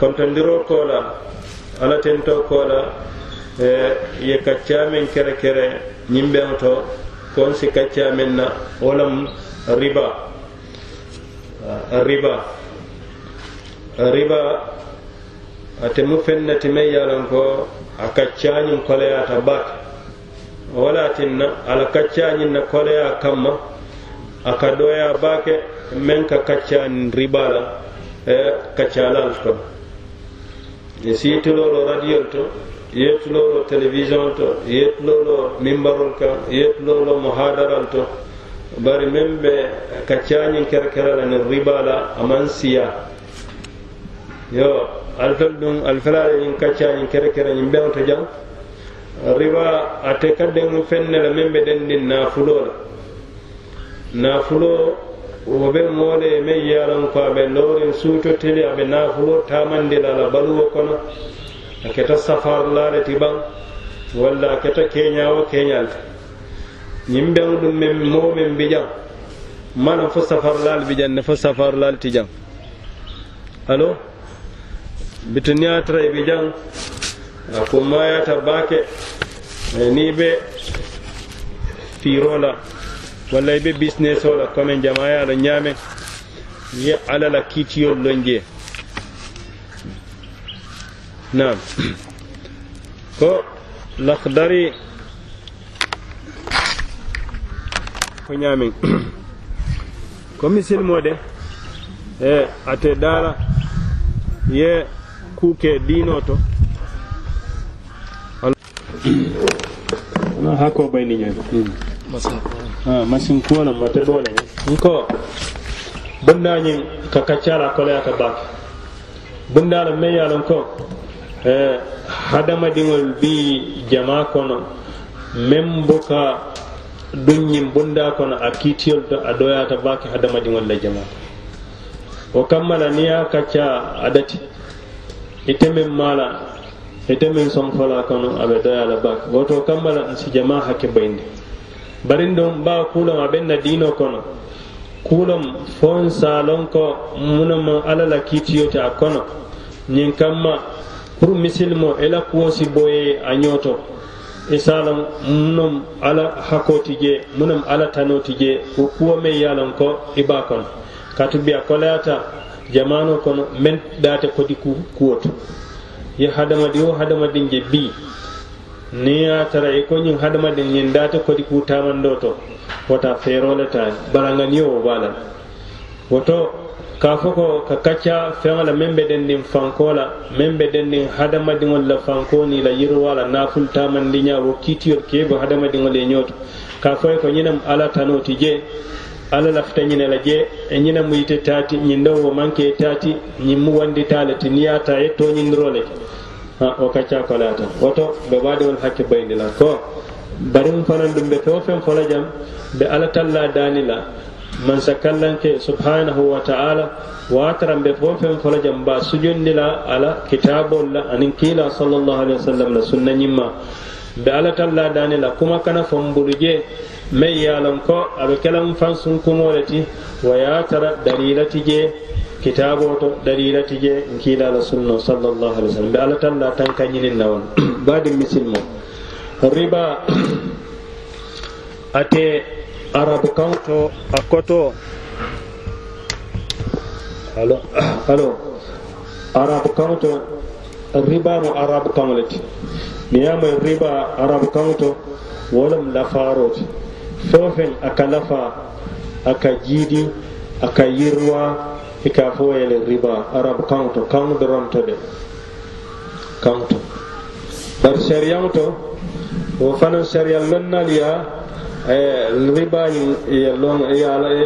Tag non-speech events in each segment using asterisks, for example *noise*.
kontondiro kola ala alla tento kola e ye kaccamen men kere kere ñiŋ beŋo to kon si kacca men na wolam riba riba riba ate mu feŋ ne ti ko a kaccañin koleyata baake wala tin na ala kaccañin na koleya kamma a ka doya bake men ka kaccañiŋ riba la e, kaccalal kono e siitolooɗo radio to yettulooɗo télévision to yettulooɗo mimbarol kan yettulooɗo mo haadaral to bari men ɓe kaccaañin kerkerelene ribala aman siya yo alfel ɗum alfelaade ñin kaccaañin kerekere ñin ɓeŋto jam riba ate kaddeŋ fennele men ɓe ɗenndin naafuloola naafuloo wo ɓe moole e men yiyalan ko aɓe lowrin suutotele aɓe nafulo tamandila ala baluwo kono a keta safar laale tiɓan walla a keta keñawo keñal ñin ɓen ɗum men momin mbiƴan mana fo safar laal mbiƴan ne fo safar laal tijan alo bitaniatara e mbiƴan a kummayata bake ni ɓe firola walla i be business o la comme jama ye a la ñaame ye alla la kiitiyolu lon je naam ko lakdari ko ñaameŋ ko misilimo de e ate daala ye kuke diino to ona hakkoo bayni ñooy masine kuwola mate bole nko bundañin ka kaccala koloya ka bake bundala meyalon ko e, hadamadiŋol bi jama kono meŋ buka duñin bunda kono a kiitiyol to a ɗoyata bake hadamadiŋol la jama o kammala niya kacca adati ite meŋ mala ite meŋ somfola kono aɓe ɗoyala bake woto kammala si jama hakke bayndi barindom ba kulon abenna dino kono kulon fon salon ko munam ala kitiyo ta a kono nyen kamma pour ela ila si boye a isalam e munam ala hakoti je munam ala tanoti je ko kuwo me yalan ko iba kono katu akolata jamano kono men date kodi ya hadama hadamadi o hadama je bi ni ya tara e ko ñin hadamaden ñin date kodi ku tamando to wota feerole tani baraganiyo wo bala woto ka fo ko ka kacca feŋola meŋ be dendin fankola meŋ be dendin hadamadiŋol la fankoni la yiruwala naful tamandiña wo kiitiyol kee be hadamadiŋol ye ñoto ka fo ye ko ñinem ala tano ti je ala lafita ñine la je e ñinemu yite taati ñindewo manke taati ñin mu wandita le ti niyata ye toñindiro le ke ha o kacca kolata woto ɓe waɗi on hakke baynila ko bari um fanan ɗum ɓe fewfen fola jam ɓe alatalla danila man sakkallanke subhanahu wa taala wataran ɓe fofen fola jam ba sujondila ala kitabolla anin kiila salllahu alih wa sallam la sunna ñimma ɓe alatalla danila kuma kana fombuluje mai yalon ko aɓe kelan fan sunkumole ti wayatara dalilati je kitabo to dalila tije kila la sunna sallallahu alaihi wasallam be ala tan la tan kanyinin nawon *clears throat* badin misilmo riba *clears throat* ate arab kanto akoto alo *clears throat* alo arab kanto riba no arab kanoleti niyama riba arab kanto wolum lafaroti fofen aka lafa aka jidi aka yirwa hikka fowele riba arabe kawto kawde romto de kawto bar sériyaw to o fana séria lonnal ya e riba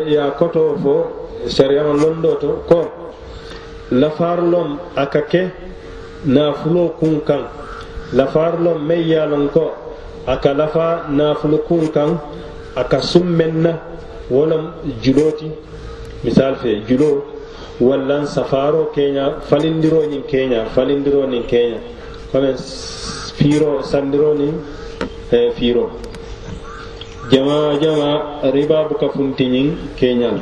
ya koto fo sériyaw londo to ko lafar lom aka ke nafulo kun kan lafar lom mey yalon ko aka lafa nafulo kun kan aka summenna wolam juloti misal fe julo wallan safaro keña falindiro nin keña falindiro nin keña kono fiiro sandiro nin e fiiro jama jama ribabu ka funti nin keñal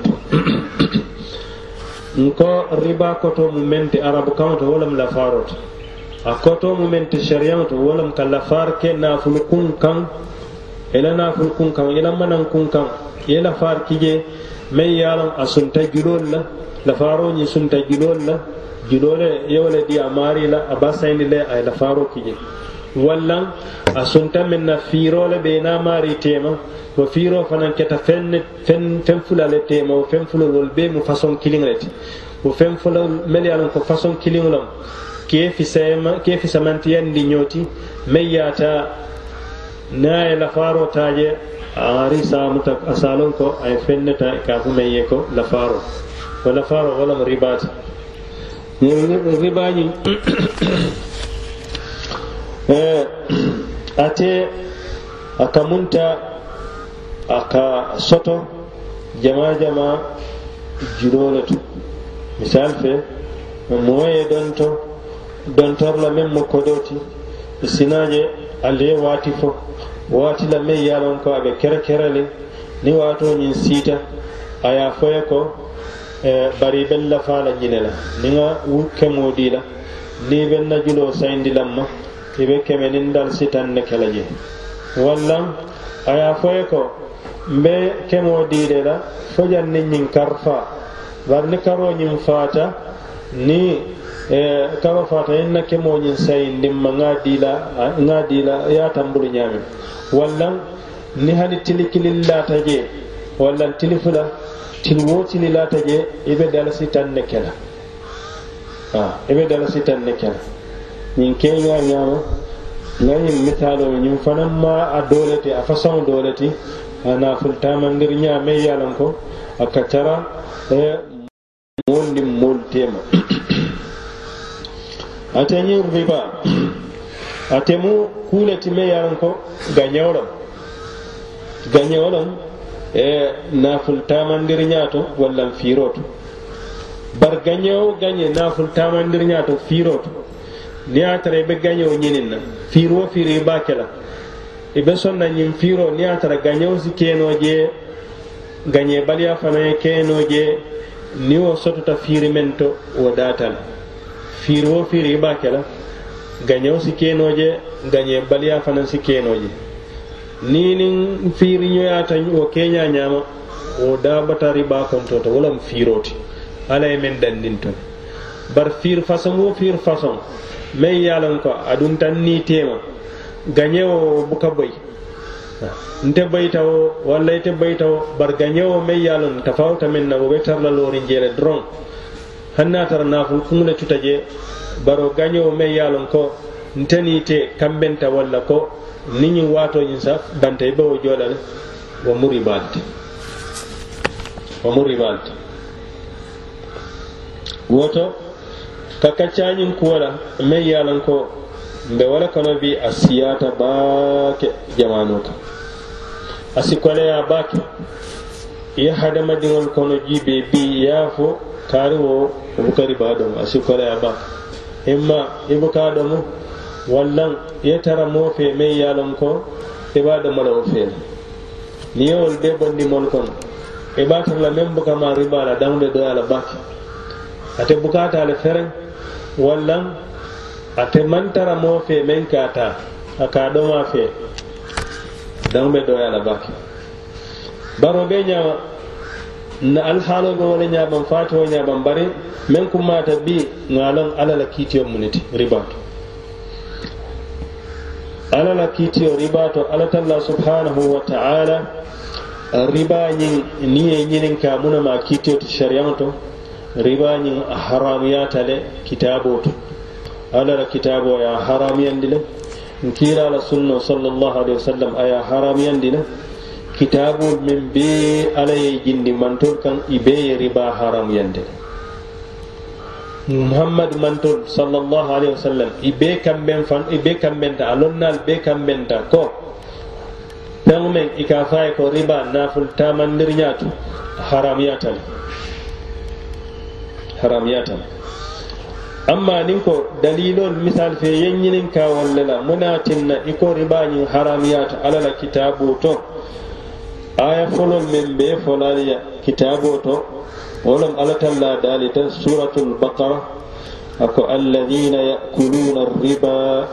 n ko riba koto mumente arabu kamato wolam lafaroto a koto mumente sariyanto wolam ka lafar ke nafulu kun kan ila nafulu kun kan ila manan kun kan ye lafar kije men yalan a sunta julol la lafaro ñi sunta julol la julole yewle diya mari la a basayndi le ay ki je walla a sunta min na fiirole ɓe na maari tema wo fiiro fanan keta fen fen fen fulale tema wo fen fulolol be mu façon kiliŋoleti wo fen fulol mel ye ko façon kiliŋolom ke fisamantiyandi ñooti meŋ yaata na ye lafaaro taaje a ari saamuta a salon ko a ye fenneta ka fu meŋ ye ko lafaaro wala faro wala ribati ribaji *clears throat* eh, *clears throat* ate akamunta munta aka soto jama jama juroo tu to misal fe moye donto dontorla meŋ mo kodoti sinaje ale wati fo wati la meŋ ko aɓe be kere kere ni wato ñiŋ siita aya ye fo ko Eh, bari ben la fala ñine la ni nga kemoo di la ni ben na juloo sayindi lam ma i be keme nin dal sitan ne ke la je walla a ye fo ye ko n be kemoo di de la fo jan ni ñin karfa bari ni karoo ñin faata ni karo faata yin eh, na kemoo ñin sayindin ma nga di la nga di la yaatan bulu ñaamin walla ni hani tili kilillaata je walla tili fula tinu wotini lata je ibe dalasi tan ne kela ibe dalasi tan ne kela ñin keña ñama ngañin mitalo ñin fanan ma a doleti a façon doleti a naful tamandir ña me yalan ko a kacara e mondi moolu tema ate ñin riba a temu kuleti me yalan ko gañewolon gañewolon e naful tamandir ñaato wallan fiiroto bar gañowo gañe naful tamandir ñaato fiiroto ni a tara i be gañowo ñinin na fiiroo fiiro i baake la i be sonna ñin fiiro ni a tara gañowo si keenoo je gañe baliya fana ye keenoo je ni wo sotota fiiri men to wo daatal fiiroo fiiro i baake la gañowo si keenoo je gañe baliya fana si keenoo je niinin fiiriñoyaata o keña ñaama o daabatari ɓa kontoto walam fiiroti ala e men dandin ton bar fiir façon o fiir façon man yalan ko aɗum tan ni tema gañewo o buka boy nte baytawo walla ite baytawo bar gañewo man yalan tafawta men na woɓe tarlalori jeele dron hanna tara naful kugle cuta je baro gañewo man yalan ko nteni te kamɓenta walla ko niñiŋ waatoo ñiŋ sa banta i bewo wo woto ka kaccaañiŋ kuwo la meŋ ye a loŋ ko mbe wo kono bi a siyata baake jamaanoo kaŋ a sikoleya koleyaa baake i ye kono jibe bi yaafo a fo kaari wo wo buka domo a sikoleya koleyaa baake imma i buka domo wallan ya tara mofe mai yalon ko i be a domo la wo fee la niŋ ye wolu kon. bondi la meŋ buka ma riba la daŋo de doya la baki ate bukaata le fere wallan te man tara mofe man meŋ ka taa a ka a domo a fee daŋo be doya la baki baro be nya na alhalo be wo le ñaabaŋ faatoo ñaabaŋ bari meŋ kummaata bii ŋa a loŋ alla la kiitiyoo muniti riba. to alala kiitiyo riba to alatalla subhanahu wa taala ribañin ni e ñinin ka munama kiitiyo to sharia to ribañin a haramuyatale kitabo to alala kitabo ya haramuyandi le nkiirala sunno sallllahu alihi wa sallam aya haramuyandi le kitabol min be alaye jindi mantol kan i be ye riba haramuyandi le muhammadu mantol sallallahu alaihi wasallam ibe kamben fan ibe ta alonnal be ta ko fen men ika faye ko riba naful tamandir ñatu haram haramiyatan amma nin ko dalilon misal fe yeñinin ka wallala la munatinna iko haram yatu alala kitabu to aya folol men be folaliya kitabu to ولم ألتلا دالتا سورة البقرة أكو الذين يأكلون الربا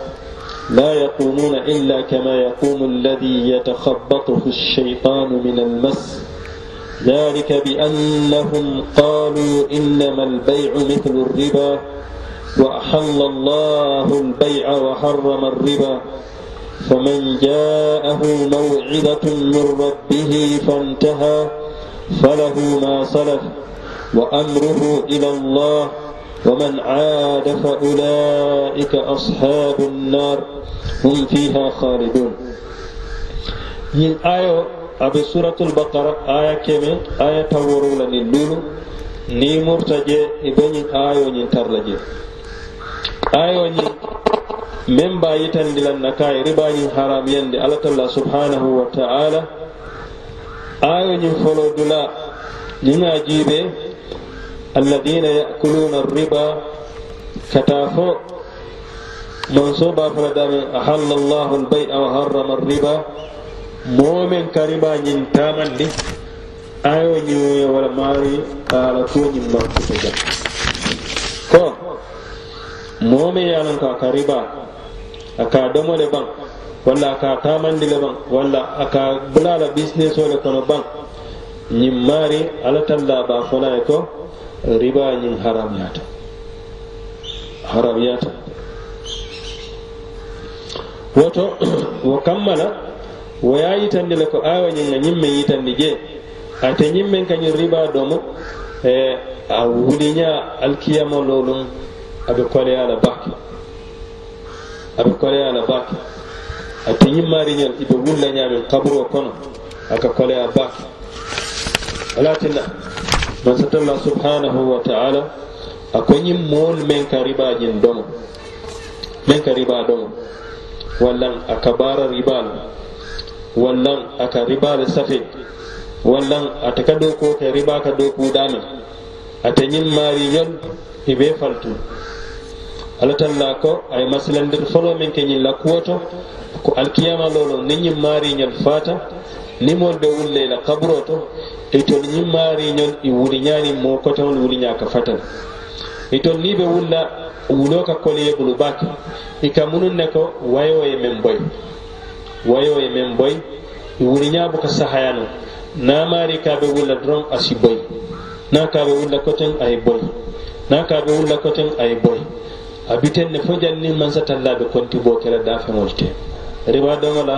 لا يقومون إلا كما يقوم الذي يتخبطه الشيطان من المس ذلك بأنهم قالوا إنما البيع مثل الربا وأحل الله البيع وحرم الربا فمن جاءه موعظة من ربه فانتهى فله ما سلف وأمره إلى الله ومن عاد فأولئك أصحاب النار هم فيها خالدون yin ayo abe suratul baqara aya keme aya taworula ni lulu ni murtaje ibe yin ayo yin tarlaje ayo yin min ba yitandilan na kayi riba yin haram yande alatalla subhanahu wa ta'ala ayo yin folodula yin ajibe الذين يأكلون الربا كتافو منصوبة فلدام أحل الله البيع وحرم الربا مؤمن كربا ينتاما لي أيو نيوي ولا ماري على كون مرتبطة كو مؤمن يعلم كربا أكادمو لبان ولا أكادما لبان ولا أكادبلا لبيسنس ولا كنبان نيماري على تلا بافنا ribañin haram yata haram yata woto *clears throat* wo kammala woya yitandile ko awañin a ñimmen yitandi je ate ñimmen kañin riba domo e a wuliña alkiyamololum aɓe kole ala bake aɓe kole ala bake ate ñimmariñol iɓe wullañamen kaburo kono aka kole a bake alatinna bansatalla subhanahu wa taala a koñin mool men ka ribajin domo men ka riba domo wallan aka bara ribal wallan aka ribal safe wallan ataka doko ka riba ka dokuɗamen ata ñin maari ñol i ɓe faltu alla talla ko aye masilandir folo min ke ñin lakkuwo to ko alkiyama lolo ni ñin maari ñol faata ni mol ɓe wullela kaburo to itol e ñim maari ñon i e wuri ñaani mo kotawol e wuri ñaaka fatan itol ni ɓe wulla wuloo ka koliyebulu baake i ka munun ne ko wayoo ye men boy wayoo ye men boy i wuri ñaabu ka sahayano naa maari kaa ɓe wulla doron asi boy naa kaa ɓe wulla koten aye boy naa kaa ɓe wulla koten aye boy a biten ne fo jannin man sa tallaaɓe konti boo kela daafeŋol te riwa doŋo la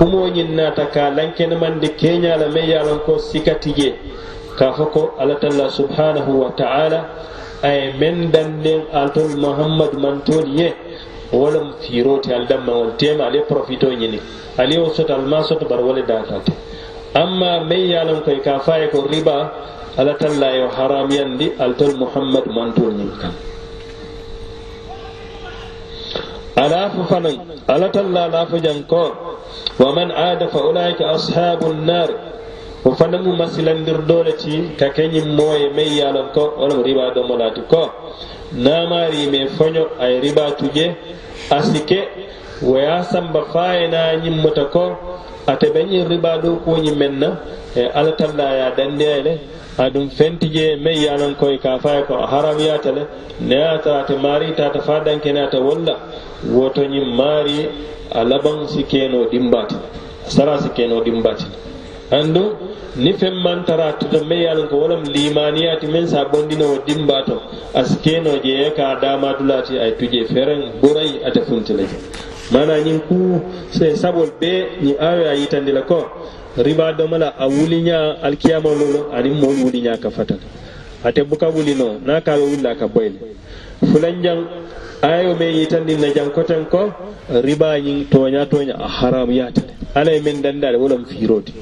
na naata ka lankene mande keñala me yalan ko sikati je ka fo ko alatalla subhanahu wa taala aye men danden altol mahammadu mantoli ye wolem fiiroti al dammawol tema ale profito ñini ale wo soto alma soto bar wole datalte amma men yalan koy ka faye ko riba alatalla yo haramyandi altol muhammadu mantol ñin kan alaafu fanan alatalla laafu janko wa man aada fa ulaika ashabu nnar o fana mu masilandir dole ti ka keñin moye mai yalon ko onomo riba domolati ko namari me foño ay riba tuje asike waya samba fayena ñimmota ko ate beñin riba do koñi menna e ala talla ya dandele adum fenti je me yanan koy ka fay ko haram ya tale ne ata te mari ta ta fadan kenata wolla wotoñiŋ maari a labaŋ si kenoo dimbaati a sara si kenoo dimbaati andu ni fem maŋ tara a tuta meŋ ye ko wolam lemu limaniyaati meŋ se a bondina wo dimbaato a je ka dama dulati ay tuje fereŋ burayi ata funti mana ñiŋ ku se sabol be ni ayo ay tandila ko riba do mala awulinya wuliñaa lolo lolu mo moolu wuliñaa ka fata ate buka wulino na ka wulla ka boyle fulan jan ayo me yi tan dinna jan ko ten ko riba yin toña toña a haram yata ala e men dandare wolam firoti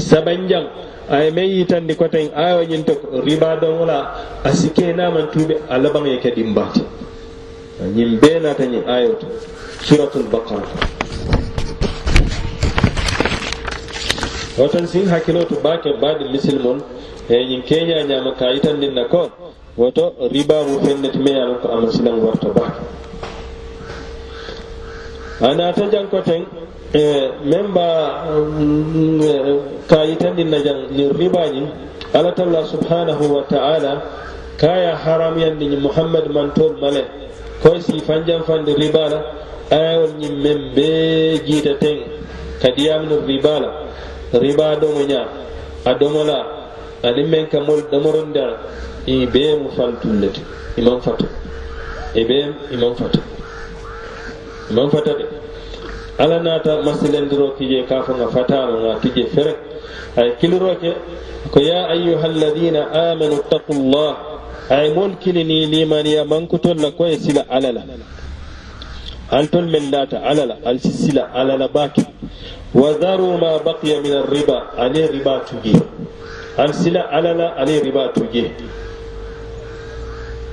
saban jan ayo me yi tan di ko ten ayo yin to riba don wala a sike e e na man tube alaban ya ke dimbati yin be na tan yin ayo to suratul baqara wotan sin hakilo to baake baade lisil mon eyin keñañama kayitan dinna ko woto riba mu meyal me ye a lon ko almasilaŋ warta baake a naata janko teŋ meŋ ba mm, eh, ka yitandi na jaŋ ni riba ñiŋ alla talla subhanahu wa taala ka haram haramuyandi ni muhammad mantol male ko si fanjanfandi riba la ayawol ñiŋ meŋ bee jiita teŋ ka diyaminu riba la riba do mo nya adomo la aniŋ meŋ ka molu domorondaŋ i bee mu faltullete iman fata e bee iman fata iman fata de ala naata masilendiro kije ka fo ŋa tije fere aye kiliro ko ya ayuha alladina amanu ttaku ay aye moolu kilini limaniya mankutol la sila alala la antol men data alala alsi sila alala la baake wa ma baqiya min arriba ale riba tuje an sila alala la ale riba tuge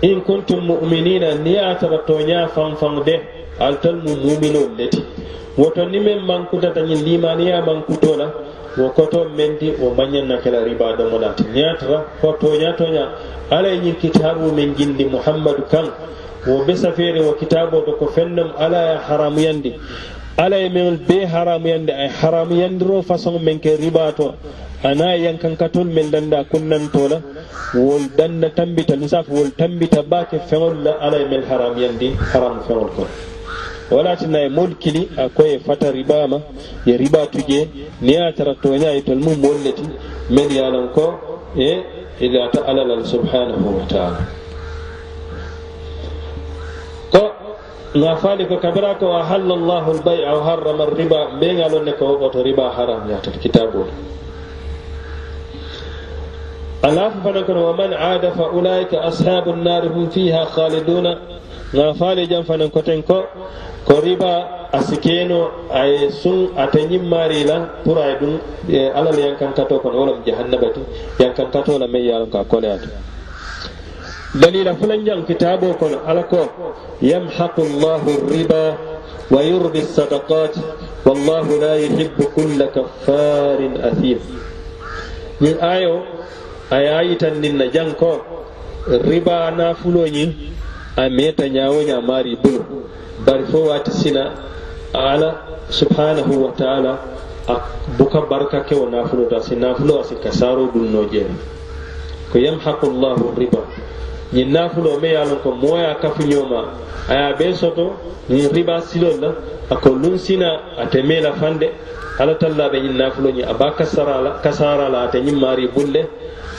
in kuntum mu'minina ni ya tara tonya fam fam de altal mu mu'minu lati woto ni men mankuta ta nyin limaniya kuto la wo koto di wo manyan na kala riba da mulati ni ya tara ko to nya ala yin kitabu min jindi muhammadu kan wo be fere wo kitabo do ko fennam ala ya haramuyandi ala ye meŋ be haramuyandi a ye haramuyandiro façon meŋ ke riba to ana yankankatol men danda tola wol danda tambita nisaf wol tambita bake feŋol la ala ye men haramuyandi haram feŋol kono walati naye moolu kili a koye fata ribama ye riba je ni ye a tara toña ye tol mum moolu le ti men ye a ko e ilata e ala lal subhanahu wa taala nga fali ko kabira ko wa halallahu albay aw harrama riba be ngalon ne ko oto riba haram yata kitabol ala fa fana kono wa man aada fa ulaika ashabu nnari hum fiha khaliduna nga fali jam fanan koten ko ko riba a sikeno aye sun ata ñimmari la pour aye eh, ɗum alal yankantato kono wolam jahannabati yankantato la mai ka koleyata dalila fulan jang kitabo kon alako yamhaqu llahu riba wa yurbi sadaqat wallahu la yuhibu kulla kaffarin athim ñin ayo ayayitan ninna jang ko riba nafuloñi a meta ñawoña mari bulu bari fo wati sina ala subhanahu wa taala a buka barka kewo nafuloto asi nafulo asi kasaro dunno jeere ko yamhaqu llahu riba ñiŋ nafulo me ye a loŋ ko mooye a kafuñooma a ye a bee soto niŋ riba siloolu la a ko luŋ sina ate mee la fande alla talla a be ñiŋ nafulo ñiŋ a be a kasaara la ate ñiŋ maari bulle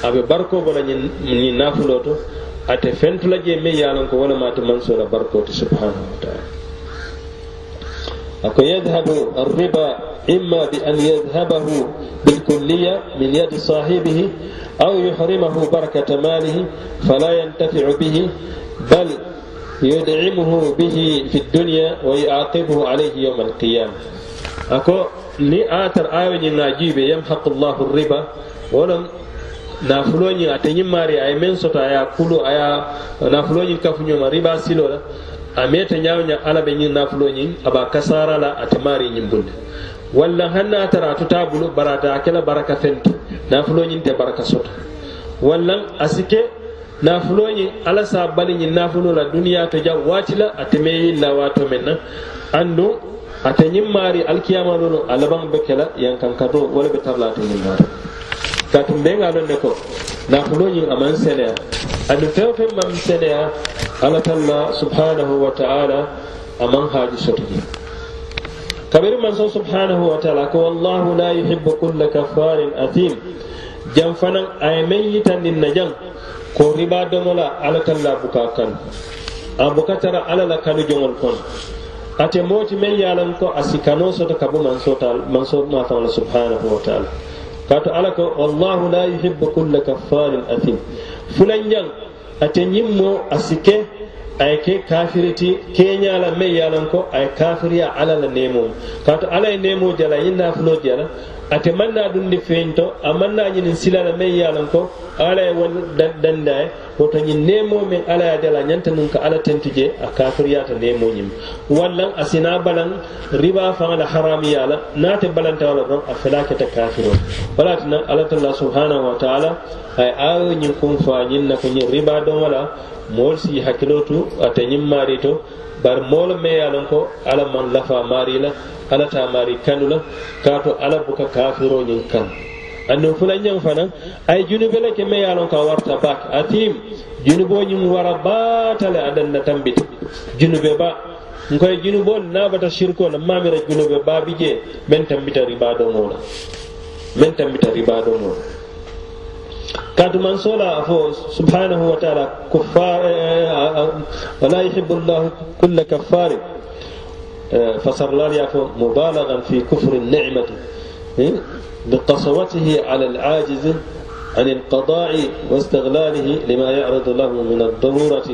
a be barikoo bo la ñiŋ nafuloo to ate fentu la jee meŋ ye a loŋ ko wolema ate mansoo la barikoo ti subhanahu wa taala أكو يذهب الربا إما بأن يذهبه بالكلية من يد صاحبه أو يحرمه بركة ماله فلا ينتفع به بل يدعمه به في الدنيا ويعاقبه عليه يوم القيامة أكو ni atar ayoyin na jibe yam haqqullahu riba wannan nafuloñin ate ñimmari aye men soto aya kulu aya nafuloñin kafuñoma riba silo la a meta ñawña ala ɓe ñin nafuloñin aba kasara la atmari mari walla hanna tara tutabulu bulu barata akela baraka fenti nafuloñin te baraka soto walla a sike nafuloñi ala sa baliñin nafulo la duniya to jam waati la ate meyin la waato men na andu ate ñin maari alkiyamalo no a laban be kela wala be tarlato ñin maato katum be nga lon ne ko nafuloñin aman seneya adu feŋ fe mam seneya ala talla subhanahu wa ta'ala aman haaji soto kabiri manso subhanahu wa taala ko wallahu la yuhibbu kulla kaffarin athim jam fanan aye men yitandin na jam ko riba domola ala talla buka kan a buka tara ala la kanu joŋol kono ate mooti men ye lan ko a sikano soto ka bo manso mafaŋo la subhanahu wa taala kaatu ala ko wallahu la yuhibbu kulla kaffarin athim fulanjaŋ ate ñiŋ mo a sike a ke kafiriti keña me meŋ ko a a kafiriya la nemo kato Ala ye nemo jala ñiŋ jala ate manna dundi feñto a manna ñinin silala men yalan ko ala ye won danda ye woto ñin nemo men ala ya dala ñanta nun ka ala tentuje a kafiriyata nemo ñim wallan a sina balan riba faŋa la harami yala nate balanta wala don a fela ta kafiro wala tinan ala talla subhanahu wa taala ay ayo ñin kun fa ñin na ko ñin riba don wala mool si hakilotu ate ñin marito bari moolu me ye ko alla maŋ lafaa maari la alla taa maari kandu la kaa to alla buka kafiroo ñiŋ kaŋ anniŋ fula ñaŋ fanaŋ ay ye junube le ke me ye a loŋ ko a warta baake atiim junuboo ñiŋ wara baata le a danna tambiti junube ba nkoye junuboo na naŋ bata sirikoo la maamira junube baa bi jee meŋ tambita ribaa domoo la meŋ tambita ribaa domoo la كاد من صلى سبحانه وتعالى كفار آه، ولا يحب الله كل كفار آه، لا لي مبالغا في كفر النعمة إيه؟ بقسوته على العاجز عن القضاء واستغلاله لما يعرض له من الضرورة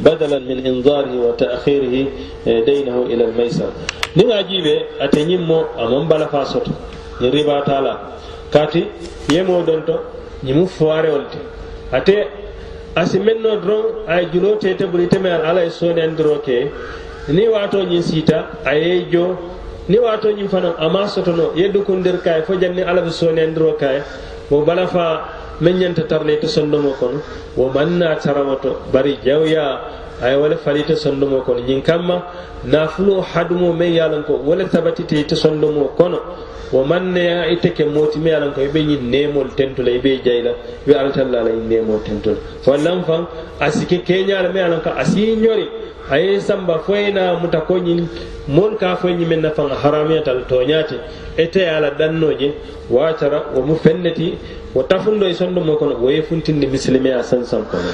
بدلا من إنظاره وتأخيره آه، دينه إلى الميسر لما أجيب أتنمو أمام بلا فاسط ربا تعالى كاتي يمو دنتو ñimu foire olte ate asi men no doron aye julo tete buri teme e an alaye sone andiro ke ni wato ñin sita aye jo ni wato ñin fana ama sotono yeddukundir kaye fo janni ala be sone andiro kaye mo bala fa men ñanta tarneyte sondomo kono wo manna caramato bari jawya aye wole falite sondomo kono ñin kamma nafulo hadumo men yalon ko wole tabatite te sondomo kono wo man neya ite ke moti me alan ko ibe yin nemol tentula ibe jayla wi altalla la yin nemol tentula fallan fan asike kenyala me alan ko asi nyori aye samba foyna muta ko yin mon ka fo yin men nafan haramiya tal tonyati ete ala dannoje watara wo mu fenneti wo tafundo e sondo mo kono wo yefuntinde muslimi a sansan kono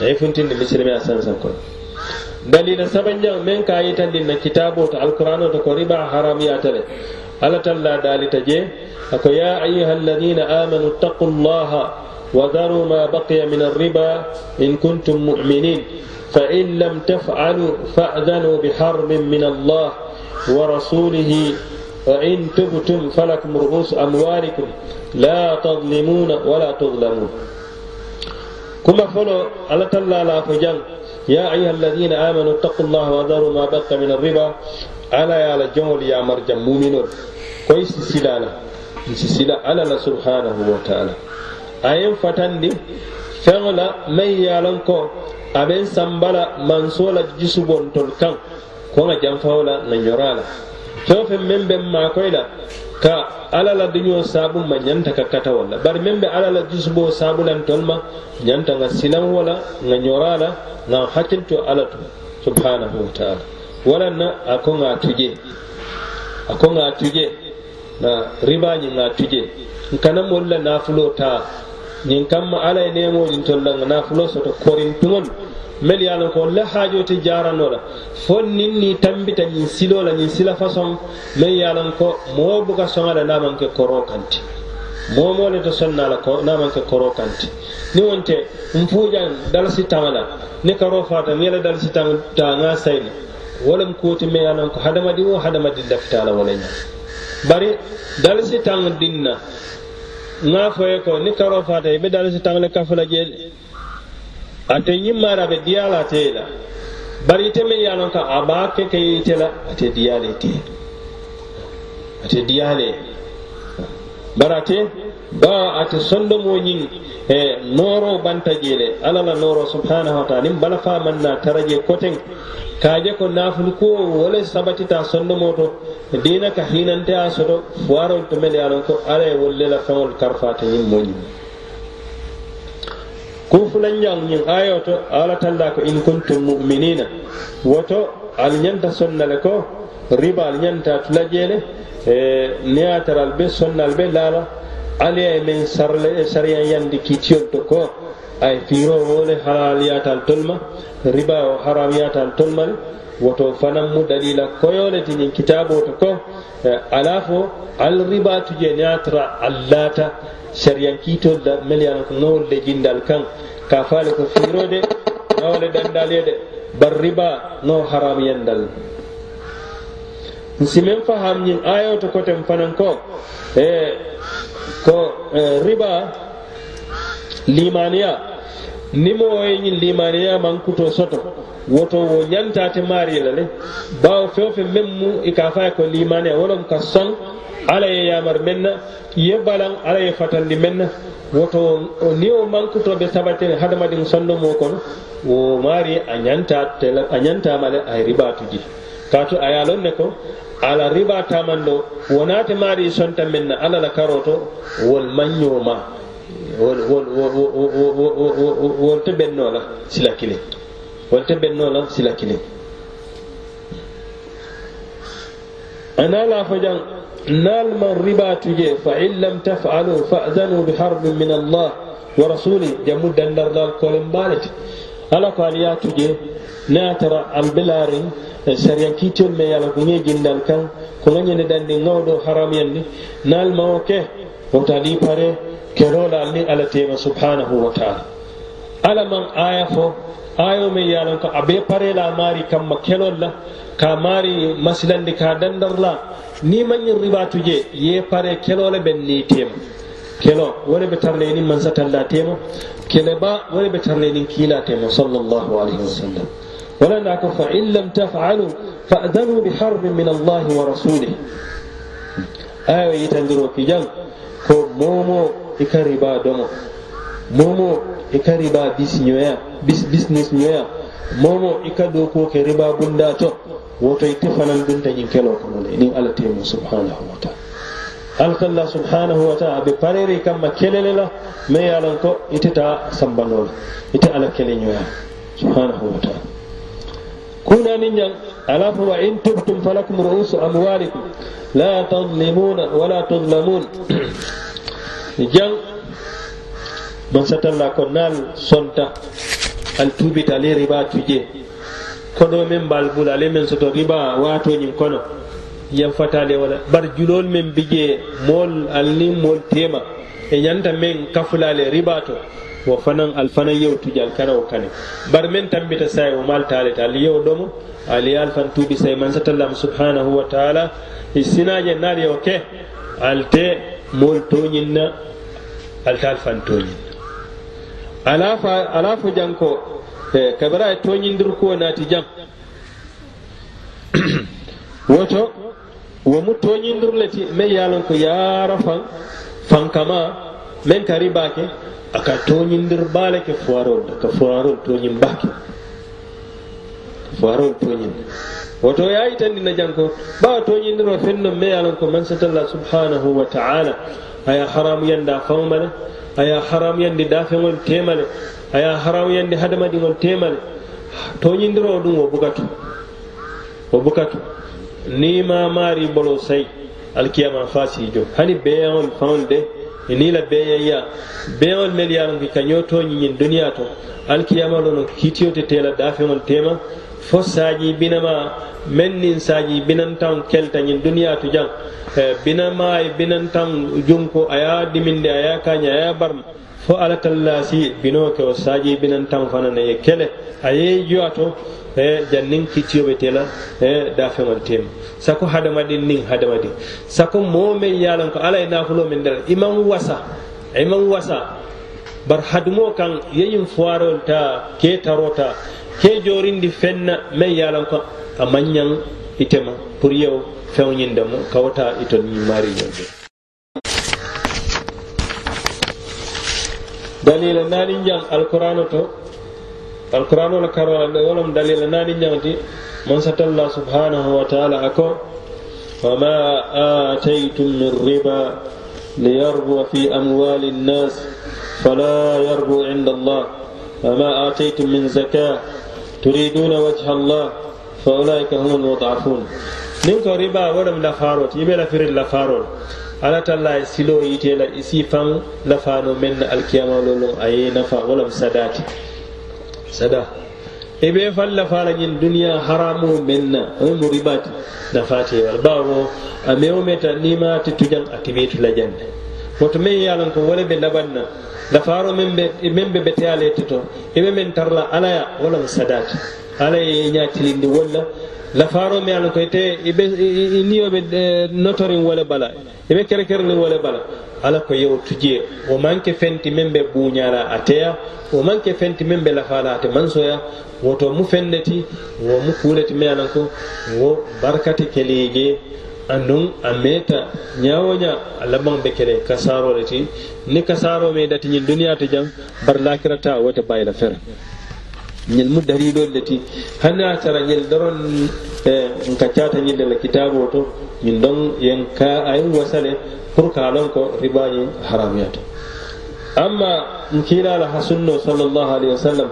yefuntinde muslimi a sansan kono دليل سبنجا من كايتا دين كتابو تا القرآن تا قريبا حرامي ألا تلا دالي تجي أكو يا أيها الذين آمنوا اتقوا الله وذروا ما بقي من الربا إن كنتم مؤمنين فإن لم تفعلوا فأذنوا بحرب من الله ورسوله وإن تبتم فلكم رؤوس أموالكم لا تظلمون ولا تظلمون كما فلو على تلا لا فجان يا أيها الذين آمنوا اتقوا الله وذروا ما بث من الربا على يا لجول يا مرجم مؤمنون كويس سلانا سلا على سبحانه وتعالى أين دي فعلا من يالنكو أبين سنبلا منصولا جسبون تلكم كما جنفولا نجرالا feŋ feŋ meŋ be maakoyi la ka alala la sabu saabu ma ñanta ka kata wala. bari meŋ be alla la jusuboo saabu lan tol ma ñanta ŋa silaŋ wo la ŋa ñora la ŋa hakkilto alla to subhanahu wa taala wala na a ko ŋa tuje a ko ŋa tuje na ribañi ŋa tuje nkana moolu la naafuloo ta. nin kamma ala e nemoji tollaga nafulo soto korintumol mel yaalon ko la haajoti jaranoɗa fo nin ni tambita ñin silola ñin sila façon men yaalon ko moo buga soŋala namanke koro kanti momole to sonnala ko namanke koro kanti ni wonte um fuujan dal sitaŋala ni karo fata ŋela dal sitaŋ taŋa sayna wolem kuuti me yaalon ko hadamadi wo hadamadi dafitala wala ña bari dal sitaŋ dinna naafoye ko ni karo fata ibe dala si tangle kafula jeeli ate yimmara be diyala teela bari ite men yalonka aba keke yitela ate diyale te ate diyale barate ba ate sondomoñin e nooro banta jeele alala nooro subhanahu wa taala nin bala famanna taraje koten kaje ko nafulu kuwo wole sabatita sondomo to dina ka hinante a soto foirol to mele alon ko ala e wollela feŋol karfata ñin moñin kufulanñang ñin ayoto alatalla ko in kuntum muminina woto alñanta sonnale ko ribal ñanta tulajele e niyataral be sonnal be laala aliya e men sarle e sariya yandi kitiyol to ko ay firowole haral yatal tolma riba o haram yatal tolmal woto fanan mu dalila koyole ti ñin kitabo to ko e, ala fo al riba tuje niyatara allata sariyan kiitol da meliyan ko ŋowol le jindal kan ka fale ko firode nawole dandal yede bar riba no haram yandal simin fahamñin ayoto koten fanan ko e ko e, riba limaniya nimowoyñin e limaniya mankuto soto woto wo ñantate maariyla le bawo fewfe men mu i e ka faya ko limaniya wolom ka son ala ye yamar menna ye balan ala ye fatandi menna woto ni o mankutoɓe sabatin hadamadin sondomo kono wo maari a ñantatel a ñantamale ay ribatuji kaatu a yalon ne ko ala riba tamando wonati maari sonta min na ala la karoto wol mañoma wolte benno la sila kiliŋ wolte benno la sila kiliŋ ana la fajan nal naal man riba tuje fa in lam tafalu fa'zanu biharbin min allah wa rasuli jamu dandardaal kolen baaleti ala ko ali tuje ne tara al bilarin E sariya kiitol me yala kuñe jindal kan ko ŋañene dandi ŋawɗo haramyandi naalmawo ke wota ɗi pare kerola ni ala tema subhanahu wa taala ala man aya fo ayo men yalan ko abe parela mari kamma kelolla ka mari masilandi ka dandarla ni mañin ribatuje ye pare kelole ɓen ni tema kelo wone ɓe tarleni mansatalla tema keleɓa wone ɓe tarlenin kiila tema sallllahu alayhi wa sallam ولا نعترف إن لم تفعلوا فأذنوا بحرب من الله ورسوله آية يتنظروا في جنب كم مومو إكاربا دومو مومو إكاربا بيس نيويا بيس بيس نيس نيويا مومو إكادو كو كربا بنداتو وطي تفنا بنتا ينكلو كمولي إني ألا تيمو سبحانه وتعالى ألقى الله سبحانه وتعالى بفريري كما كلل له ما يعلنكو إتتا سنبنو له إتتا ألا كلي نيويا سبحانه وتعالى kunani ñan ala fo wa in tubtum fa lakum rousu amwalikum la tadlimuna wala tudlamun *clears throat* jan man satalla ko nal sonta al tubita ale riba tuje kono min bal bul ale min soto riba watoñin kono yan fatale wala bar julol min bije mol alni mol tema e ñanta min kafulale riba to wa fanan al yau tu jalkara wa kane bar min tambita say o mal talita al yew domo ali al fan tubi sai man satallam subhanahu wa ta'ala je nar yau ke alte mol toñinna alta alfan fan alafa ala janko ala e, fo janko kabara e toñindir ko ti jam *coughs* woto wa mu dur lati me yalon ko ya fan fankama men kari bake aka toñindir baale ke foirol ka foirol tonyin bake foirol tonyin. Wato ya tandi na janko Ba bawa toñindiro fenno me yalan ko satalla subhanahu wa taala aya haramu yanda fawmale aya haramu yandi dafeŋol temale aya haramu yandi hadamadiŋol temale toñindiro ɗum wo bugatu wo bugatu ni ma maari bolo sayi alkiyama fasijo hani beyaŋol faŋol de E ni la beeyeya beewol mel yaaro ngi kañoo to ñiñin duniya to alkiyama lono kiitiyote teela daafeŋol teema fo saaji binama men nin saaji binantaŋ kelta ñin duniya to jaŋ eh, binamaa e binantaŋ junko a ye dimindi a ye kaña a ye barma fo ala tallasi bino ke o saji binan tan fana na ye kele a ye e jannin kicciyo be tela e tema sako din nin din sako moo meŋ ye ko ala nafulo min dal imam wasa imam wasa bar hadmo kan yeyin ñiŋ ta ke taro ta ke di fenna me yalan ko a itema pour yow feŋ ñindamo kawota itol ñimari ñol dalila naani jaŋ alqur'ano to alqur'ano la karola wo lom dalila naani jaŋ ti mansatalla subhanahu wa taala a ko wama ataytum min riba liyarbua fi amwali nnas fala yarbu inda allah wama ataytum min zaka turiduna wajha allah faulaika hum almudafun nin ko riba wo lom lafaaroti yibe lafirin lafaarol ala talla silo yite la isi fan lafano meŋ na alkiyama loloŋ a ye nafa walam sadati sada i be fan lafa la ñiŋ duniya haramu meŋ na wo eh, mu ribati nafate wala bawo a mewo meta nima ma ti tujan a tibitu la jande ne woto meŋ ko wala be labaŋ na lafaaro men be men be beteya tito ti men i alaya meŋ ala ya walam sadati ala ye ña tilindi wolu lafaaro mi ala koy te ɓe niyoɓe e, notorin wole bala eɓe kerekerni wole bala ala ko yewo tujee o manque fenti men ɓe ɓuñala a teya o manque fenti men ɓe lafala ate mansoya woto mu fenneti wo mu kuulati mi alan ko wo barkati keleje anon a meta ñawoña a labanɓe kele kasaarole ti ni kasaaro meɗatiñin duniya ti jam bar lakirata wote bayila fera Nyil mu dari le ti hani a tara ñel doron eh, nka cata ñille la kitabo to ñin don yen ka ayin wasale pour ka lon ko ribañi haramiyata amma kila la hasunno sallallahu alaihi wasallam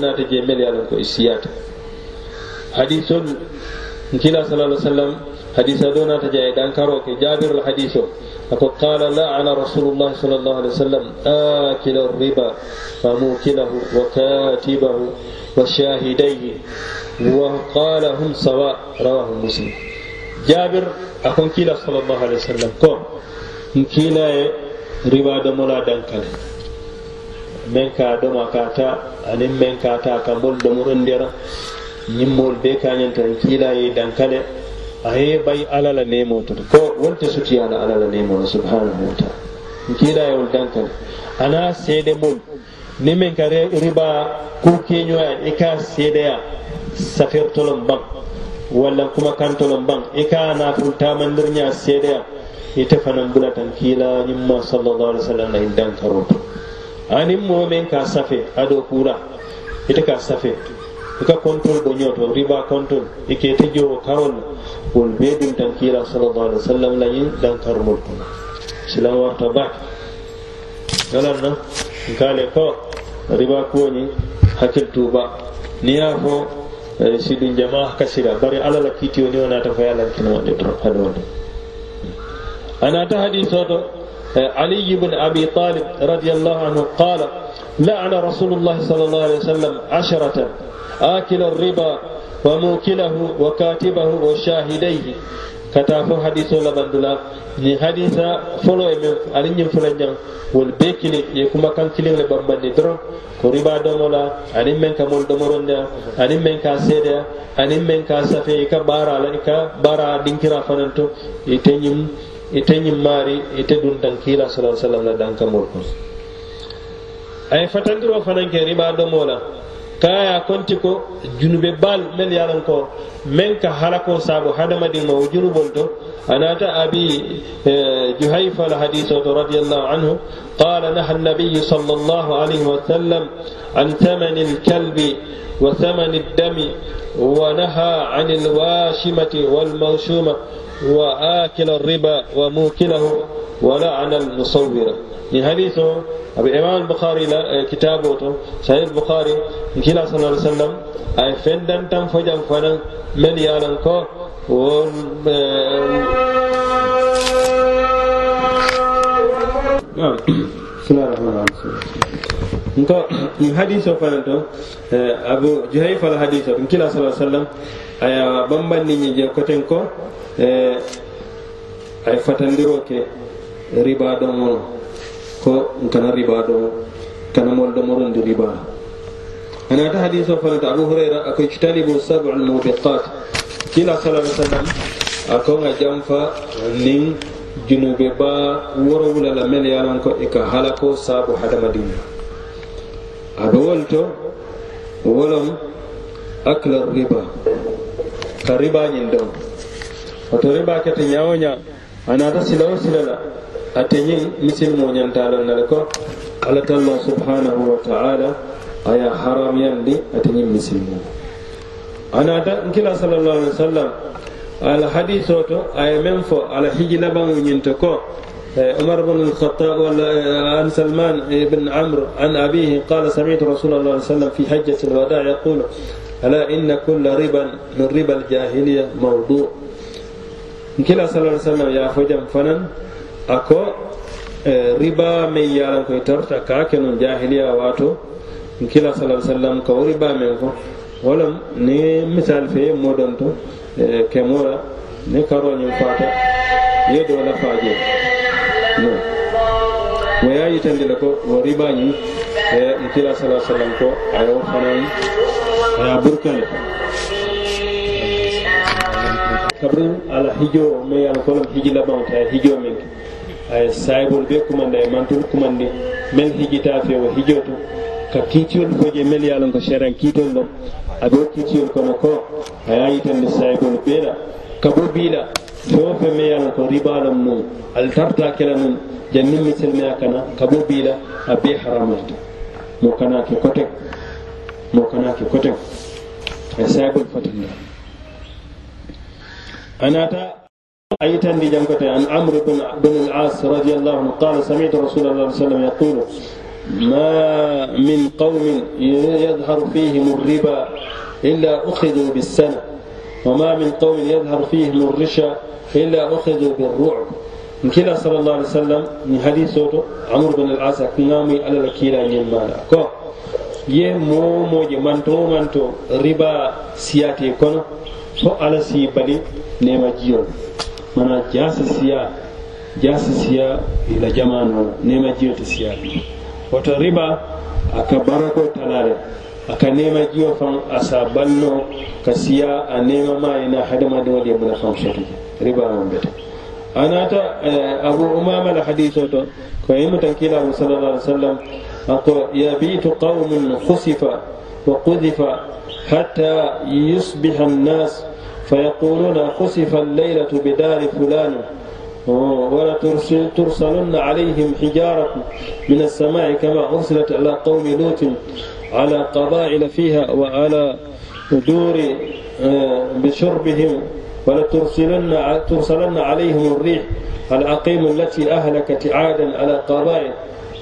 na ta je mel yalon ko isiyata in kila sallallahu alaihi wasallam hadisa do nata je dan karo ke jabirul hadithu فقد قال لعن رسول الله صلى الله عليه وسلم آكل الربا فموكله وكاتبه وشاهديه وقال هم سواء رواه مسلم جابر أكون كلا صلى الله عليه وسلم كم كلا ربا دمولا دنكال من كادما كاتا أنم من كاتا كمول دمور انديرا نمول بيكا ينتهي كلا دنكال aye bai alala nemo to ko wonte sutiyana alala nemo subhanahu wa ta'ala yawon dankal ana sede mum ni min kare riba ku ika i ka safir safirtolon ban walla kuma kantolon ban i ka naful tamandirña seedeya ite fanan bulatan kiila ñimma sallallahu alaihi wasallam nayi dankaroto anin mo min ka safe ado kura ita ka safe ika kontol bo ñoto riba kontol ikete jowo karol wol be dum tan kila sallallahu alaihi wasallam lañi dan karmol kono silam warta baake galan na nkale ko riba kuwoñi hakkil tuba ni ya fo sidum jama kasira bari ala la kitiyo ni wonata fo yalankinowonde trop hadowonde anata hadis oto علي بن أبي طالب رضي الله عنه قال لعن رسول الله صلى الله عليه وسلم عشرة آكل الربا وموكله وكاتبه وشاهديه kata fo hadiso labandula ni hadisa folo e men ani ñin fula ñang wol be kili kuma kan kilin le bambandi doron ko riba domola ani men ka mol domoronda ani men ka seeda ani men ka safe ka bara la e bara dinkira fananto ite ñim ite ñim maari ite dun tankila sallallahu alaihi wasallam la dankamol ko ay fatandiro kaya konti ko junube bal men yaran ko men ka halako sabu hadamadin ma junubol to anata abi juhayfa al hadith to radiyallahu anhu qala nah an nabiy sallallahu alaihi wa sallam an thaman al kalbi wa thaman al dami wa naha an al washimati wal mawshuma wa akil al riba wa mukilahu ولعن المصورة في حديث أبي إمام البخاري آه، كتابه صحيح البخاري كلا صلى الله عليه وسلم أي فندن تم فجم فنن من يالنكو آه، بسم الله nko in hadiso fana abu juhayfa la hadiso in kila sala sallam aya bambanni ni je koten ko ay fatandiro ke riba ɗomono ko kana riba ɗo kana mol ɗomorondi riba anata hadis o fanata abou hurayra ako ijtalibu sabu lmoubiqat kila salaa sallam ako ga jamfa nin junube ba woro wulala mel yalanko e ka hala ko saabu hadamadina aɓe wolto wolom acle riba ka ribañin ɗon oto riba kete ñawoña anata silawo silala ateñiŋ misilimo ñantala nale ko alla talla subhanahu wa taala aya haramyandi ateñiŋ misilimo anata nkila salallahu alih wa sallam ala hadiso to aye meŋ fo ala hiji labaŋo ñinto ko عمر بن الخطاب عن سلمان بن عمرو عن أبيه قال سمعت رسول الله صلى الله عليه وسلم في حجة الوداع يقول ألا إن كل ربا من ربا الجاهلية موضوع كلا صلى الله عليه وسلم يا فجم فنن ako ko e, riba meŋ e, ye ko torta ka ke nuŋ jahiliya waato nkila sallam ka wo riba e, meŋ ko wo ne misal fe ye to kemora kemoo la fata karoo faata ye doo la faaje no wo ye a yitandi ko wo riba ñiŋ nkila sala sallam ko a ye aya fanaŋ a ala hijo me ye ko hiji labaŋo te a ke ay saygol be kumanda e mantol kumandi mel hijita fe o hijoto ka kiitiyol koje mel yalon ko seran kiitol ɗon aɓe o kiitiyol kono ko aya yitande saygol ɓeeɗa ka bo biila fewo fe me yalon ko ribalon mum altarta kela mum jannin misilmeya kana ka bo biila a be haramalta mo kana ke kotek mo kana ke kotek e saygol fatinda anata أيتان دي جنكتي عن عمرو بن, بن العاص رضي الله عنه قال سمعت رسول الله صلى الله عليه وسلم يقول ما من قوم يظهر فيهم الربا إلا أخذوا بالسنة وما من قوم يظهر فيهم الرشا إلا أخذوا بالرعب كلا صلى الله عليه وسلم من حديث صوته بن العاص نامي على الكيلا يمانا كو ye moo moo je manto manto riba siyate kono fo ala si bali nema jiyol mana jasa siya jasa siya ila jamano nema jiyo siya wata riba aka barako talare aka nema jiyo fan asa banno ka siya a nema ma ina hadamadiŋo de bula fan soto je riba man bete anata abu umama la hadiso to ko yimutan kilamu sallallahu alaihi wasallam ako yabitu qaumun khusifa wa qudifa hatta yusbiha annas فيقولون خسف الليلة بدار فلان ولترسلن عليهم حجارة من السماء كما أرسلت على قوم لوط على قبائل فيها وعلى دور آه، بشربهم ولترسلن ترسلن عليهم الريح العقيم التي أهلكت عادا على قبائل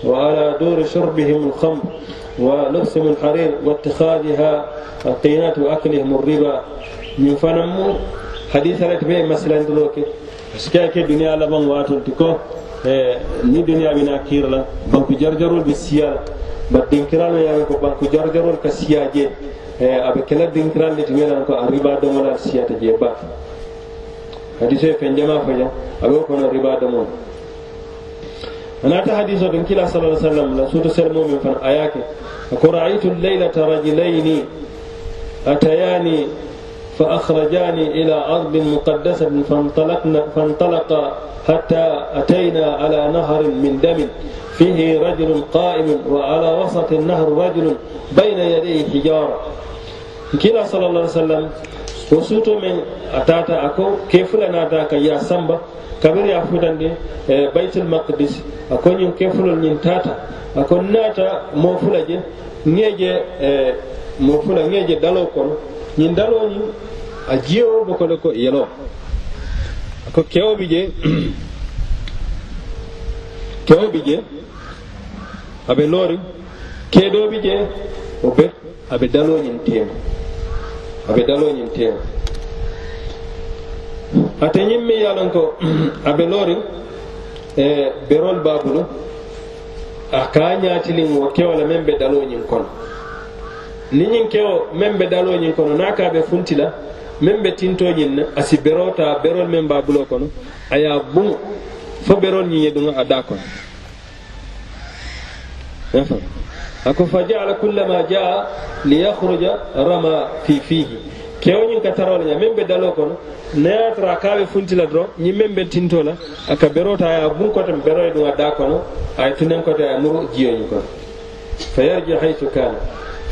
وعلى دور شربهم الخمر ولبسهم الحرير واتخاذها القينات وأكلهم الربا yin fana mu hadisa rati be masilantino ke sika ke duniya laban waton tiko ko eh, ni duniya bina kirla ku jarjarol bi siya ba dinkiralo yawe ko ku jarjarol ka siya je abe kela dinkiral le ti na ko a riba siya ta je ba hadiso ye fen jama foja abe kono riba ana ta hadiso bin kila sallallahu alaihi wasallam la suto sel mumin fan ayake ko ra'aytu al-laylata rajulaini atayani فأخرجاني إلى أرض مقدسة فانطلقنا فانطلق حتى أتينا على نهر من دم فيه رجل قائم وعلى وسط النهر رجل بين يديه حجارة كلا صلى الله عليه وسلم وسوت من أتاتا أكو كيف لنا ذاك يا سمبا كبير يا آه، بيت المقدس أكو نيو كيف لنا تاتا أكو ناتا موفلجة نيجي آه، موفلا نيجي دالو ñin daloo ñi a jiyoo boko le ko yeloo ko kewo bi je *clears throat* kewo bi je abe loori keedoo bi je o be abe daloo ñin tiyem abe daloo ñin tiyem ate ñin mi yalon ko *clears throat* abe loori e berol baabulu a kaa ñaatiliŋ wo kewo la meŋ be daloo ñin kono ni ñiŋ keo meŋ be daloo ñiŋ kono naŋ ka be funti la meŋ be tintoo ñiŋ na a si beroo taa beroolu meŋ be a buloo kono a ye a buŋo fo beroolu ñiŋ ye duŋa a daa kono a ko fa jaala kullama jaa liyakhruja rama fi fihi kewo ñiŋ ka taroo la ña meŋ be daloo kono naŋ ye tara a ka a be funti la doroŋ ñiŋ meŋ be tintoo la a ka beroo taa a ye a buŋ koto beroo ye duŋa daa kono a ye tuneŋ koto a ye muru jiyoo ñiŋ kono fa yarji haytu kana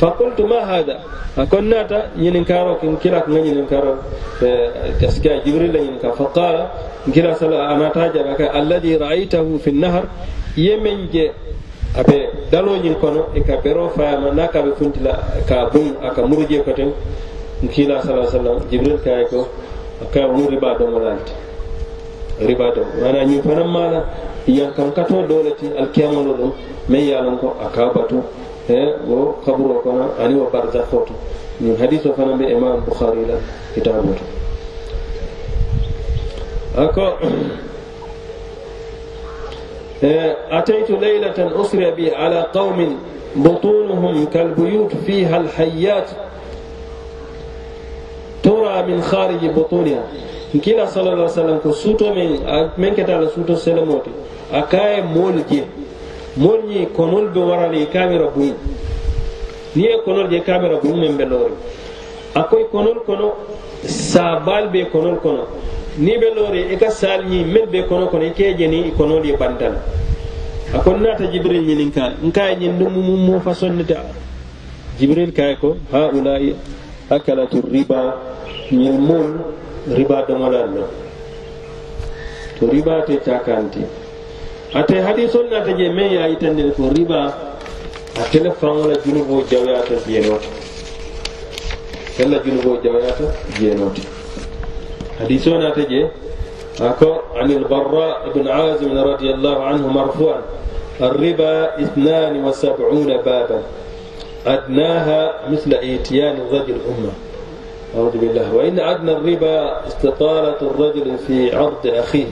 fa qultu ma hada a kon nata ñininkaaro ki kila ko nga ñininkaro est ce que a jibril la ñininka fa qala kila sala a nata jaɓa ka alladi raaytahu fi nahar yemen je aɓe daloñin kono e ka ɓero fayama na ka ɓe funtila ka bum aka murje ko ten kila sala sallam jibril kay e ko kay mu riba domolante riba dom mana ñin fanan mala yankankato dole ti alkiyamalo ɗum mais yalon ko aka batu wo kaburo kono ani wo barzakho to ñun hadiso fana be imam bukhari la kitabu to ako أتيت ليلة أسري بي على قوم بطونهم كالبيوت فيها الحيات ترى من خارج بطونها كلا صلى الله عليه وسلم كسوتو من من كتال سوتو سلموتي أكاي مول mol ñi konol be warali kamera buñ ni e konol je kamera buñ men be lori akoy konol kono sa bal be konol kono ni be lori e ka sal ñi mel be kono kono ike e jeni i e konol ye bantal a kon nata jibril ñinin ka nka ye ñin dumu mum mo fasonnita jibril kay e ko haulai akalatu riba ñin mol riba domolal no to riba te takante ate hadi sonna ta je me ye a yitandin ko riba ate le faŋo la junuboo jawayaata jeenoo ti ate la junuboo jawayaata jeenoo ti hadiso je ako anil barra ibn azim radiallahu anhu marfuan الربا اثنان وسبعون بابا أدناها مثل إيتيان الرجل أمه أعوذ بالله وإن أدنى الربا استطالة الرجل في عرض أخيه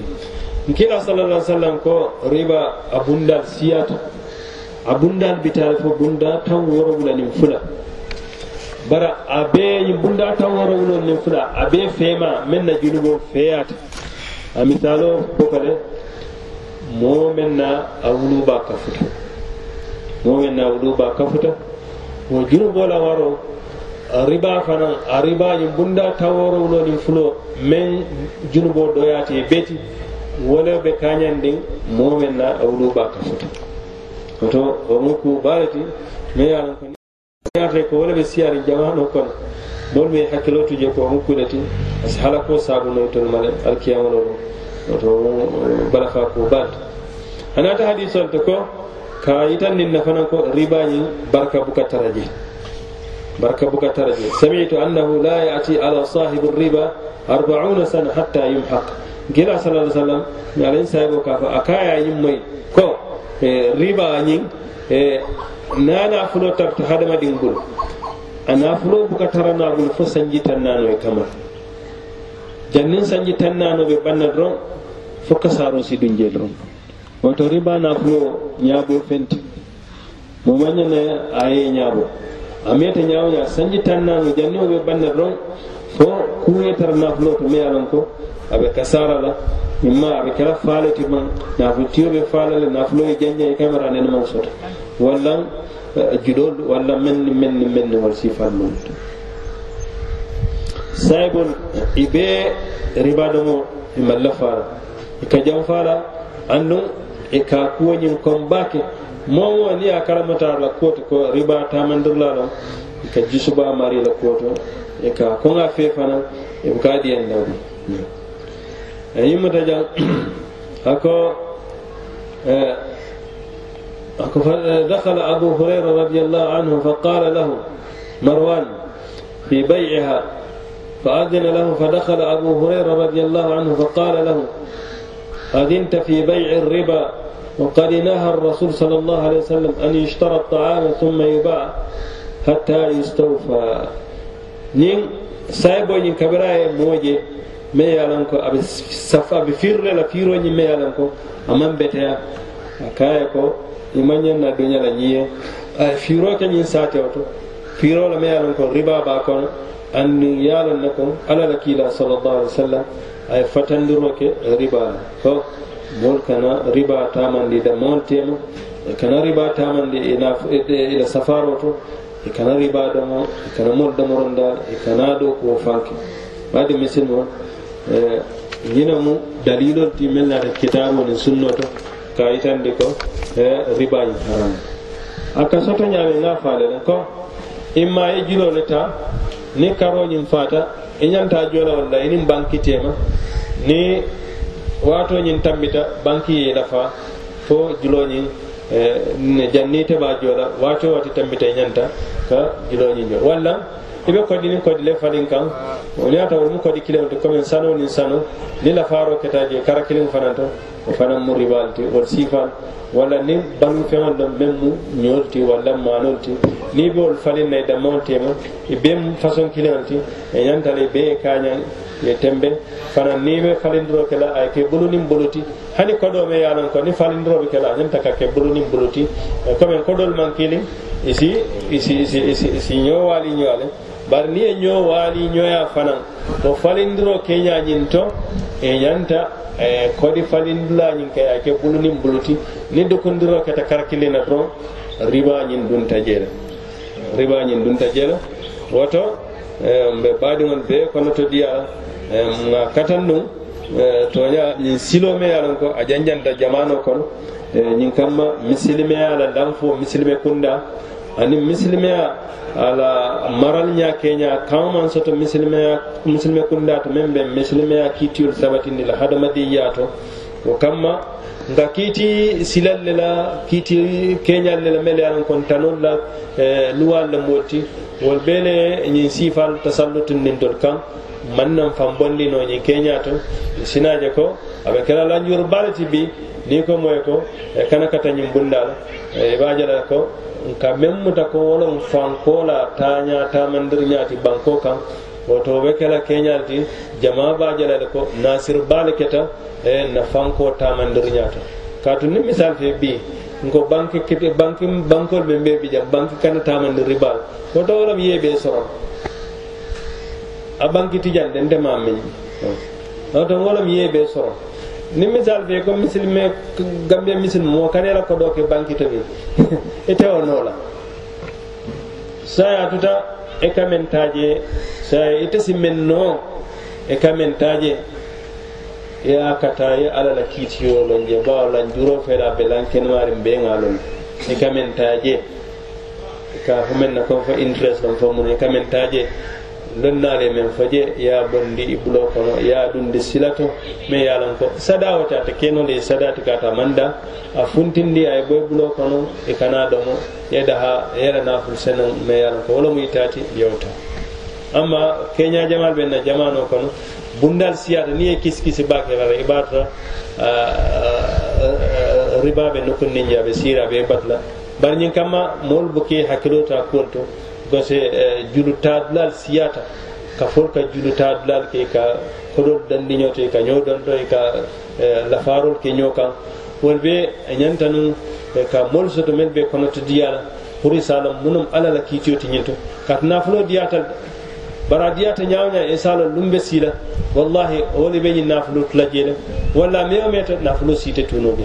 kila sallalla sallam ko riba a bundal siyata a bundal bitale fo bunda tan woro wulanin fula bara a be yi bunda tan woro wulanin fula a be fema men na junubo feyata a misalo kokale mo men na a wuluba ka futa mo men na wuluba ka futa mo junubo la waro riba fana a riba yi bunda tan woro wulanin fulo men junubo doyate beti wolewɓe kañan ɗin mumen na awlu ɓaka foto oto o mukku baleti maiyaanoyaate ko wolaɓe siyaari jamano kono bolmi hakkilotuji ko mukkudeti as hala ko sabunoy toon male alkiyamalolo oto balafa ko balta anata hadisolte ko ka yitannin nafanan ko ribañi barka buka taraje barka buka taraje samitu annahu la yati ala sahibu riba arbauna sana hatta yumhaqa gila sallallahu sallam yalan sahibu kafa akaya yin mai ko e, riba yin e, na na fulo tafta hadama din gulu a na fulo buka tara na gulu fo sanji tanna no e kama jannin sanji tanna no be banna dron fo kasaro si dun je dron wato riba na fulo nyabo fenti mo manya na aye nyabo amiyata nyawo nya sanji tanna no janni be banna dron fo kuye tara na fulo to me alanko ko a ɓe kasara la imma a ɓe kera faale ti man nafu tiyoɓe faala le nafulo e janja e kamera nen man sota walla eh, juɗol walla menni menni menni wal sifan mantu saygol i ɓe ribado mo e malla faala e ka jam faala andum e ka kuwoñin kon baake momo ni a karamatar la kuwoto ko riba tamandirla lon e ka jusuba mari la kuwoto e ka konga fe fana e ɓe ka diyandawɗi Yeah. Hmm. آه، دخل أبو هريرة رضي الله عنه فقال له مروان في بيعها فأذن له فدخل أبو هريرة رضي الله عنه فقال له أذنت في بيع الربا وقد نهى الرسول صلى الله عليه وسلم أن يشترى الطعام ثم يباع حتى يستوفى نين سايبو نين كبراي موجه meyalan ko aɓe safa aɓe firrela firoñi meyalan ko aman beteya a kaya ko imañanna e duñala ñiye ay firoke ñin satew to firola meyalan ko ribaba kono annin yalan na kon alala kila sallallahu alaihi wasallam ay fatandiroke riba ko mol kana riba tamandi da montema e kana riba tamandi ina e ina e, safaro to e kana riba da mo e kana mol da moron dal e kana do ko fanke wadi misin mo ñinamu e, dalilol ti mel nata kitabuni sunnoto ka yitandi ko e, ribañi haram a kasoto ñaami nga faalene ko imma e julole ta ni karoñin fata i e ñanta joola walla inin bankiteema ni waatoñin tambita banki ye dafa fo juloñin janniteɓa joola waato wati tambita i ñanta ka juloñin jo walla i be kodini kodi le falin kan woniyata wolmu kodi kilen ti commen sano nin sano ni lafaaro keta je kara kilin fananta o fana muribaalu ti wol sifan walla ni banu feŋol lo meŋ mu ñoolu ti walla maanol ti ni be wol falin na i dammaŋo tema i e be façon kiliŋol ti e ñanta la i be ye kaaña ye tembe fana ni be falindiro ke la a ye ke bulu niŋ bulu ti hani kodoo me yaalan ko ni falindiro be ke la a ñanta ka ke bulu niŋ bulu ti e commen kodolu maŋ kiliŋ isi isi isi isi isi ñoowaali ñoo le bari niŋ ye ñoo waali ñoya fanaŋ wo falindiroo ke ñañiŋ to e ñanta e kodi falindila ñiŋ kay a ke bulu niŋ buluti niŋ dukundiroo keta karkili na doroŋ riba ñiŋ dunta je la riba ñiŋ dunta je la woto e, mbe baadiŋol bee kono to diya e, a katan nuŋ toña ñiŋ siloo me loŋ ko a janjanta jamanoo kono ñiŋ kamma misilimeya la danfo misilime kunda ani misilimeya ala maral ɲa keña kaŋo man soto misilimeya misilime kunda to meŋ be misilimeya kiitiyolu sabatindi la hadamadiya to wo kamma nka kiiti silal le la kiiti keñal le la mele yalan kon tanol la luwal le moolu ti wolu bee le ñiŋ siifaal tasallutindintol kaŋ man naŋ fan bondi no ñiŋ keña to sinaje ko a be kela la ñuru baale ti bi ɗin ko moye ko e kana kata ñin bundala e waajala ko ka memmuta ko wolon fankola taña tamandir ñaati banko kan woto ɓe kela keñal ti jama baajalale ko nasir baale keta e na fanko tamandir ñaata katu ni misal fe bi ko banque banque bankol ɓe mbe ɓijam banque kana tamandir ribal ko tawolam yeɓe soron a banque tijan ɗen ndemamin oto wolam yeɓe soron ni misal *laughs* fe ko misilme gambia misilmo kanela kodo ke bankita no la saya tuta e kamen taje saya ite simmen no e kamen taje ya kata ya ala la kiitiyo lon je bawa lan juro feɗa ɓe lan mari mbeŋa lon e kamen taje ka fomen na ko fo interest lon fo mun e kamen taje lonnaare men fojee ya bonndi ibulo kono ya ɗumndi sila to mais yalan ko sadawotata kenode e sadati kata manda a funtindi a e boye bulo kono e kana ɗomo yeda ha yeranaful senon mais yalan ko holomo yitaati yewta amma keñajamal ɓen na jamano kono bundal siyata ni e kiskisi baake wara e ɓatata ribaɓe nokkundi jaɓe siraɓe e batla bar ñin kamma molbo ke hakkiloota kuol to base eh, julutadulal siyata ka fol ka julutadulal ke ka kodol dandiño to ka ñoo donto ka eh, lafarol ke ñoo kan wol be a eh, ñanta nun ka mol soto men be konoto diyala pour isalam munum ala la kiitiyo ti ñinto katina fulo diyatal baradiyata ñawñan insan e o ɗum ɓe siila wallahi owoni ɓeñi nafulu tula jeele walla mai o meta nafulu siite tunoge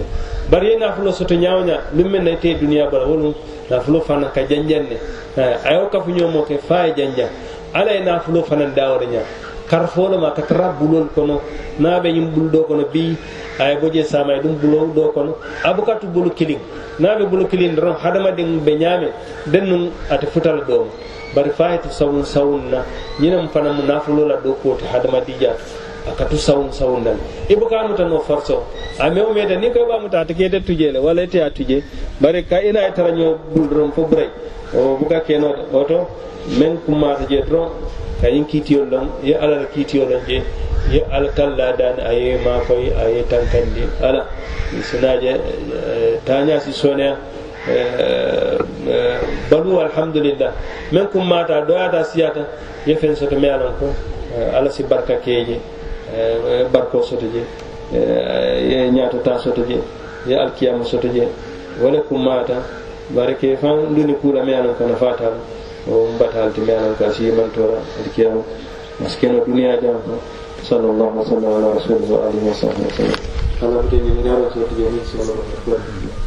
bari ye nafulo soto ñawña ɗum ɓe nayte duniya bala wolum nafulo fana ka janjanne eh, a yo kafuñomo ke fa e janjan ala e nafulo fana dawore ña karfolo ma katara bulol kono naɓeñum ɓulɗo kono bi aya boje sama dum bulo do kono abukatu bulu kilin nabe bulu kilin ron hadama den be nyame den nun ate futal do bari fayatu sawun sawun na nyinam fana munafulo la do ko te hadama dijatu akatu sawun sawunda ibu ka muta no farso a mew ni ko ba muta ta kete tuje le wala ta tuje bare ka ina tara nyo buldron fo bray o buka keno oto men kuma ta je tron ka yin kitiyo don ya alal kitiyo don je ya talla dan aye ma koy aye tankandi ala sinaje eh, tanya si sonya eh, eh, balu alhamdulillah men kuma ta doya ta siyata ya fen soto me alon ko ala si barka keje Eh, barko soto je eh, eh, ye ñatata soto je ye alkiyama soto je wala kummata bare ke fan duni kula me anon kana fatal o batal ti me anon ka si mantora alkiyama maskeno duniya jam ko sallallahu alaihi wa sallam ala rasulihi wa alihi wa sahbihi wa sallam ala bi ni ngaro soto je ni sallallahu alaihi wa sallam